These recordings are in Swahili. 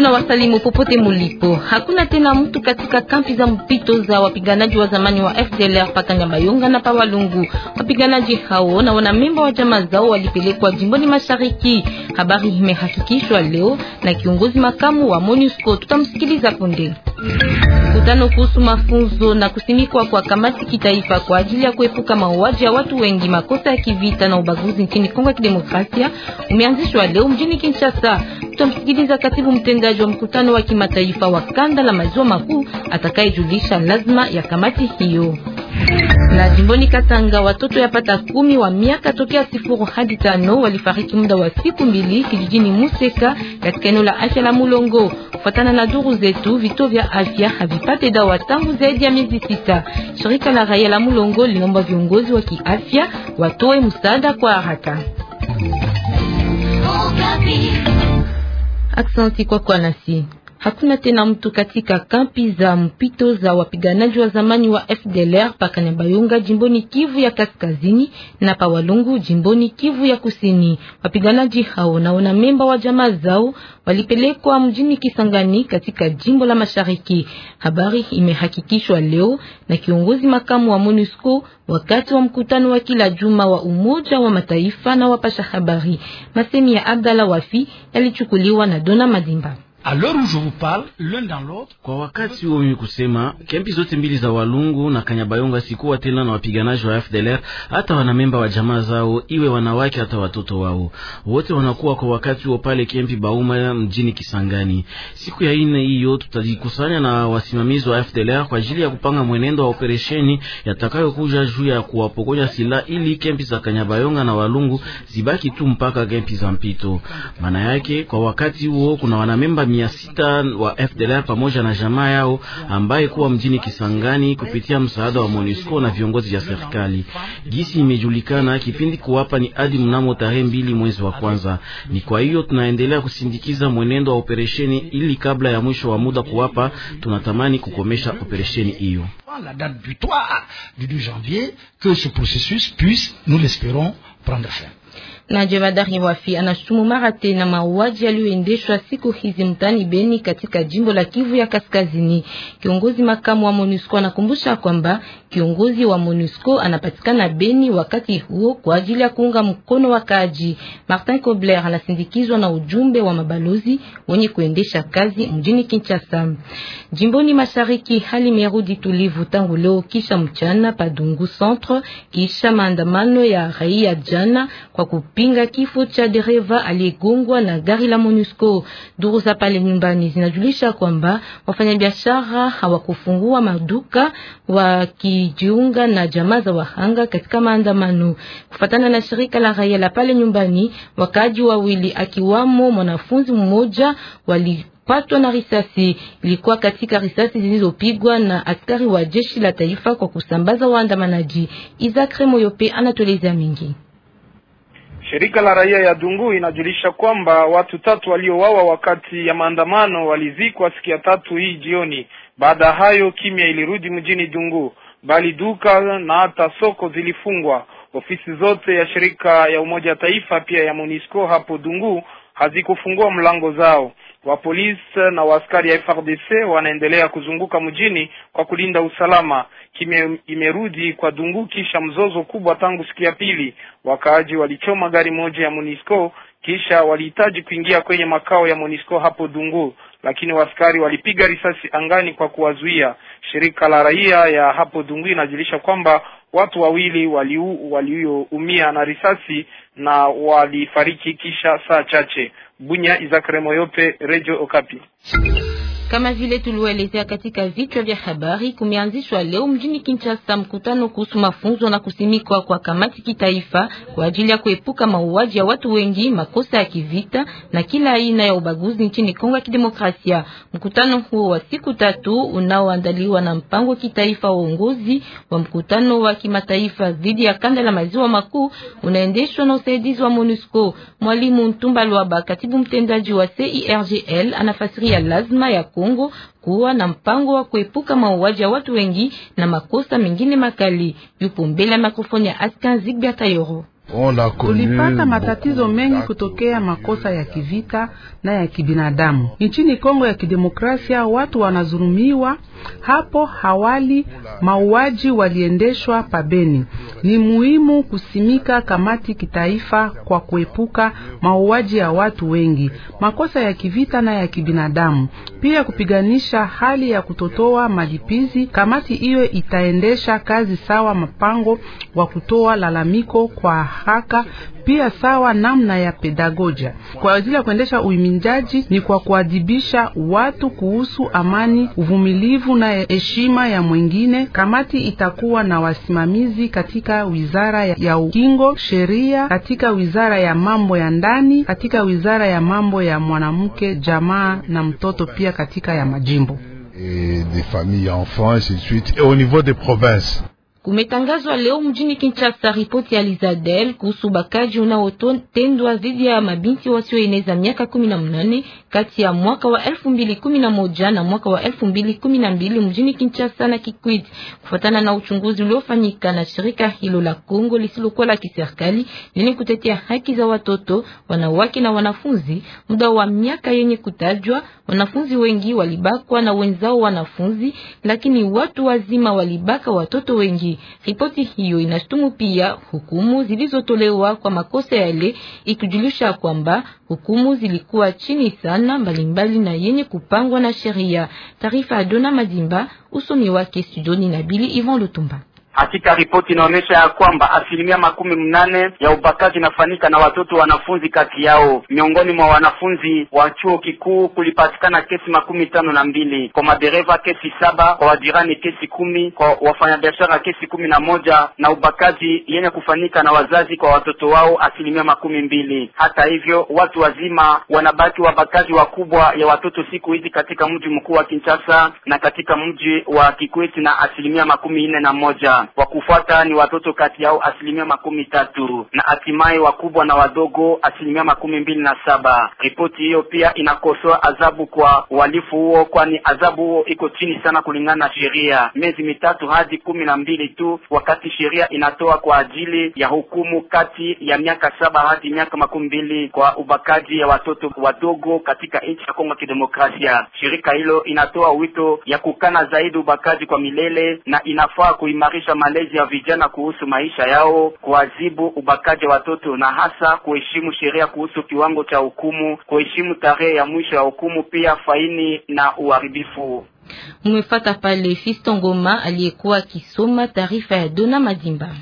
Tunawasalimu popote mulipo. Hakuna tena mtu katika kampi za mpito za wapiganaji wa zamani wa FDLR pa Kanyabayonga na pa Walungu. Wapiganaji hao na wana memba wa jamaa zao walipelekwa jimboni mashariki. Habari imehakikishwa leo na kiongozi makamu wa MONUSCO. Tutamsikiliza punde mkutano kuhusu mafunzo na kusimikwa kwa kamati kitaifa kwa ajili ya kuepuka mauaji ya watu wengi, makosa ya kivita na ubaguzi nchini Kongo ya Kidemokrasia umeanzishwa leo mjini Kinshasa. Tutamsikiliza katibu mtendaji wa mkutano wa kimataifa wa kanda la maziwa makuu atakayejulisha lazima ya kamati hiyo. Na jimboni Katanga watoto pata kumi wa miaka tokea sifuru hadi tano walifariki muda wa siku mbili kijijini Museka katika eneo la afya la Mulongo. Kufuatana na duru zetu, vituo vya afya havipate dawa tangu zaidi ya miezi sita. Shirika la raia la Mulongo linaomba viongozi wa kiafya watoe msaada kwa haraka. Aksanti kwa kwa nasi Hakuna tena mtu katika kampi za mpito za wapiganaji wa zamani wa FDLR pa Kanyabayonga jimboni Kivu ya Kaskazini na pa Walungu jimboni Kivu ya Kusini. Wapiganaji hao na wana memba wa jamaa zao walipelekwa mjini Kisangani katika jimbo la Mashariki. Habari imehakikishwa leo na kiongozi makamu wa MONUSCO wakati wa mkutano wa kila juma wa Umoja wa Mataifa na wapasha habari. Masemi ya Abdalla Wafi yalichukuliwa na Dona Madimba. Kwa wakati huo mimi kusema kempi zote mbili za Walungu na Kanyabayonga sikuwa tena na wapiganaji wa FDLR, hata wanamemba wa jamaa zao, iwe wanawake hata watoto wao wote wanakuwa kwa wakati huo pale kempi Bauma mjini Kisangani. Siku ya ine hiyo tutajikusanya na wasimamizi wa FDLR kwa ajili ya kupanga mwenendo wa operesheni yatakayokuja juu ya kuwapokonya silaha ili kempi za Kanyabayonga na Walungu zibaki tu mpaka kempi za mpito. Maana yake kwa wakati huo kuna wanamemba mia sita wa FDLR pamoja na jamaa yao ambaye kuwa mjini Kisangani kupitia msaada wa MONUSCO na viongozi vya serikali. Gisi imejulikana kipindi kuwapa ni hadi mnamo tarehe mbili mwezi wa kwanza. Ni kwa hiyo tunaendelea kusindikiza mwenendo wa operesheni ili kabla ya mwisho wa muda kuwapa, tunatamani kukomesha operesheni hiyo. La date butoir du 2 janvier que ce processus puisse, nous l'espérons, prendre fin na jemadari Wafi anashutumu mara tena mauaji yaliyoendeshwa siku hizi mtani Beni katika jimbo la Kivu ya Kaskazini. Kiongozi makamu wa MONUSCO anakumbusha kwamba kiongozi wa MONUSCO anapatikana Beni wakati huo kwa ajili ya kuunga mkono wakaaji. Martin Kobler anasindikizwa na ujumbe wa mabalozi wenye kuendesha kazi mjini Kinshasa. Jimboni Mashariki hali imerudi tulivu tangu leo kisha mchana Padungu Centre kisha maandamano ya raia jana kwa kupi kupinga kifo cha dereva aliyegongwa na gari la MONUSCO. Duru za pale nyumbani zinajulisha kwamba wafanyabiashara hawakufungua maduka wakijiunga na jamaa za wahanga katika maandamano. Kufatana na shirika la raia la pale nyumbani, wakaji wawili akiwamo mwanafunzi mmoja wali patwa na risasi. Ilikuwa katika risasi zilizopigwa na askari wa jeshi la taifa kwa kusambaza waandamanaji. Isaac Remoyope anatueleza mingi. Shirika la raia ya Dungu inajulisha kwamba watu tatu waliowawa wakati ya maandamano walizikwa siku ya tatu hii jioni. Baada ya hayo, kimya ilirudi mjini Dungu, bali duka na hata soko zilifungwa. Ofisi zote ya shirika ya Umoja wa Taifa pia ya MONUSCO hapo Dungu hazikufungua mlango zao wa polisi na waaskari ya frdc wanaendelea kuzunguka mjini kwa kulinda usalama. Kimya imerudi kwa Dungu kisha mzozo kubwa tangu siku ya pili. Wakaaji walichoma gari moja ya monisco kisha walihitaji kuingia kwenye makao ya monisco hapo Dungu, lakini waskari walipiga risasi angani kwa kuwazuia. Shirika la raia ya hapo Dungu inajulisha kwamba watu wawili walioumia wali na risasi na walifariki kisha saa chache. Bunya, Isaac Remoyope, Radio Okapi. Kama vile tuliwaelezea katika vichwa vya habari, kumeanzishwa leo mjini Kinshasa mkutano kuhusu mafunzo na kusimikwa kwa kamati kitaifa kwa ajili ya kuepuka mauaji ya watu wengi, makosa ya kivita na kila aina ya ubaguzi nchini Kongo ya Kidemokrasia. Mkutano huo wa siku tatu unaoandaliwa na mpango kitaifa wa uongozi wa mkutano wa kimataifa dhidi ya kanda la maziwa makuu unaendeshwa na usaidizi wa MONUSCO. Mwalimu Ntumba Lwaba, katibu mtendaji wa CIRGL, anafasiria lazima ya ku Kongo kuwa na mpango wa kuepuka mauaji ya watu wengi na makosa mengine makali. Yupo mbele ya mikrofoni ya Askan Zigbia Tayoro. Tulipata matatizo mengi kutokea makosa ya kivita na ya kibinadamu nchini Kongo ya Kidemokrasia. Watu wanazulumiwa hapo hawali, mauaji waliendeshwa pabeni. Ni muhimu kusimika kamati kitaifa kwa kuepuka mauaji ya watu wengi, makosa ya kivita na ya kibinadamu pia kupiganisha hali ya kutotoa malipizi. Kamati hiyo itaendesha kazi sawa mpango wa kutoa lalamiko kwa haraka, pia sawa namna ya pedagoja kwa ajili ya kuendesha uiminjaji ni kwa kuadhibisha watu kuhusu amani, uvumilivu na heshima ya mwingine. Kamati itakuwa na wasimamizi katika wizara ya ukingo, sheria katika wizara ya mambo ya ndani, katika wizara ya mambo ya mwanamke, jamaa na mtoto pia et des familles enfants ainsi de suite et au niveau des provinces Kumetangazwa leo mjini Kinshasa ripoti ya Lizadel kuhusu ubakaji unaotendwa dhidi ya mabinti wasioeneza miaka 18 kati ya mwaka wa 2011 na mwaka wa 2012 mjini Kinshasa na Kikwit, kufuatana na uchunguzi uliofanyika na shirika hilo la Kongo lisilokuwa la kiserikali lenye kutetea haki za watoto, wanawake na wanafunzi. Muda wa miaka yenye kutajwa, wanafunzi wengi walibakwa na wenzao wanafunzi, lakini watu wazima walibaka watoto wengi. Ripoti hiyo inashtumu pia hukumu zilizotolewa kwa makosa yale, ikijulisha kwamba hukumu zilikuwa chini sana mbalimbali na yenye kupangwa na sheria. Taarifa ya Dona Madimba, usomi wake studioni na Bili Ivan Lutumba. Hakika ripoti inaonyesha ya kwamba asilimia makumi mnane ya ubakaji inafanyika na watoto wanafunzi kati yao. Miongoni mwa wanafunzi wa chuo kikuu kulipatikana kesi makumi tano na mbili kwa madereva, kesi saba kwa wajirani, kesi kumi kwa wafanyabiashara, kesi kumi na moja na ubakaji yenye kufanyika na wazazi kwa watoto wao asilimia makumi mbili. Hata hivyo, watu wazima wanabaki wabakaji wakubwa ya watoto siku hizi katika mji mkuu wa Kinshasa na katika mji wa Kikwiti na asilimia makumi nne na moja wa kufuata ni watoto kati yao asilimia makumi tatu na hatimaye wakubwa na wadogo asilimia makumi mbili na saba. Ripoti hiyo pia inakosoa adhabu kwa uhalifu huo, kwani adhabu huo iko chini sana kulingana na sheria, miezi mitatu hadi kumi na mbili tu, wakati sheria inatoa kwa ajili ya hukumu kati ya miaka saba hadi miaka makumi mbili kwa ubakaji ya watoto wadogo katika nchi ya Kongo ya Kidemokrasia. Shirika hilo inatoa wito ya kukana zaidi ubakaji kwa milele na inafaa kuimarisha kuboresha malezi ya vijana kuhusu maisha yao, kuadhibu ubakaji watoto na hasa kuheshimu sheria kuhusu kiwango cha hukumu, kuheshimu tarehe ya mwisho ya hukumu, pia faini na uharibifu. Mmefata pale Fisto Ngoma aliyekuwa akisoma taarifa ya Dona Madimba.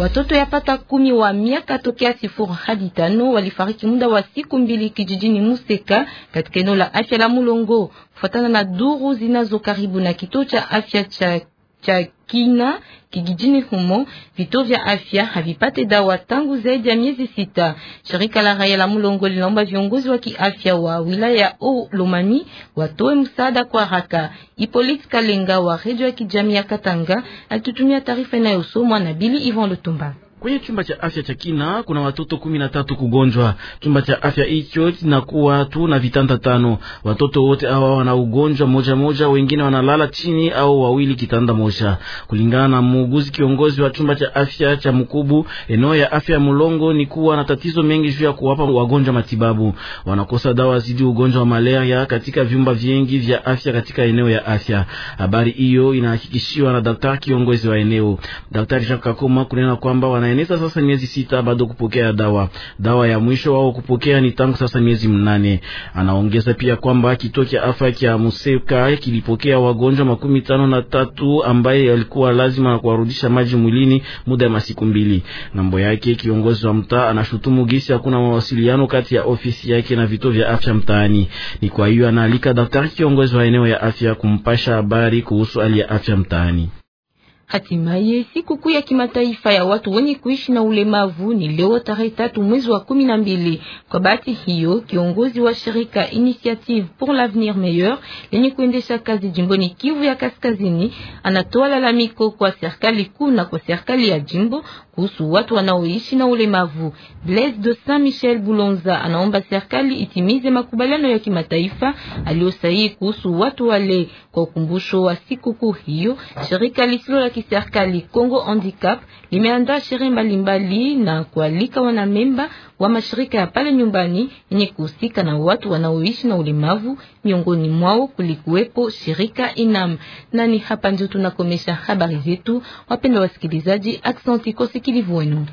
Watoto yapata kumi wa miaka tokea sifuru hadi tano walifariki muda wa siku mbili kijijini Museka katika eneo la afya la Mulongo, kufuatana na duru zinazo karibu na kituo cha afya cha cha kina kijijini humo, vituo vya afya havipate dawa tangu zaidi ya miezi sita. Shirika la raia la Mulongo linaomba viongozi wa kiafya wa wilaya ya Lomami watoe msaada kwa haraka. Ipolite Kalenga wa redio ya kijamii ya Katanga alitutumia taarifa inayosomwa na Bili Ivan Lutumba. Kwenye chumba cha afya cha Kina kuna watoto kumi na tatu kugonjwa. Chumba cha afya hicho kinakuwa tu na vitanda tano. Watoto wote hawa wana ugonjwa moja moja, wengine wanalala chini au wawili kitanda moja. Kulingana na muuguzi kiongozi wa chumba cha afya cha Mkubu, eneo ya afya ya Mulongo ni kuwa na tatizo mengi juu ya kuwapa wagonjwa matibabu. Wanakosa dawa zidi ugonjwa wa malaria katika vyumba vingi vya afya katika eneo ya afya. Habari hiyo inahakikishiwa na daktari kiongozi wa eneo, Daktari Jacques Kakoma kunena kwamba wana wanaeneza sasa miezi sita bado kupokea dawa. Dawa ya mwisho wao kupokea ni tangu sasa miezi mnane. Anaongeza pia kwamba kituo cha afya cha Museka kilipokea wagonjwa makumi tano na tatu ambaye alikuwa lazima kuwarudisha maji mwilini muda ya masiku mbili. Ngambo yake kiongozi wa mtaa anashutumu gisi hakuna mawasiliano kati ya ofisi yake na vituo vya afya mtaani. Ni kwa hiyo anaalika daktari kiongozi wa eneo ya afya kumpasha habari kuhusu hali ya afya mtaani. Hatimaye siku kuu ya kimataifa ya watu wenye kuishi na ulemavu ni leo tarehe tatu mwezi wa kumi na mbili. Kwa bahati hiyo, kiongozi wa shirika Initiative pour l'avenir meilleur lenye kuendesha kazi jimboni Kivu ya Kaskazini anatoa lalamiko kwa serikali kuu na kwa serikali ya jimbo kuhusu watu wanaoishi na ulemavu. Blaise de Saint Michel Boulonza anaomba serikali itimize makubaliano ya kimataifa aliyosahihi kuhusu watu wale. Kwa ukumbusho wa siku kuu hiyo, shirika lisilo la kiserikali Kongo Handicap limeandaa sherehe mbalimbali na kualika wanamemba wa mashirika ya pale nyumbani yenye kuhusika na watu wanaoishi na ulemavu. Miongoni mwao kulikuwepo shirika Inam. Nani hapa ndio tunakomesha habari zetu, wapenda wasikilizaji, aksanti kwa usikilivu wenu.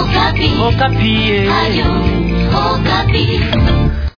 Okapi. Okapi. Eh. Ayo. Okapi.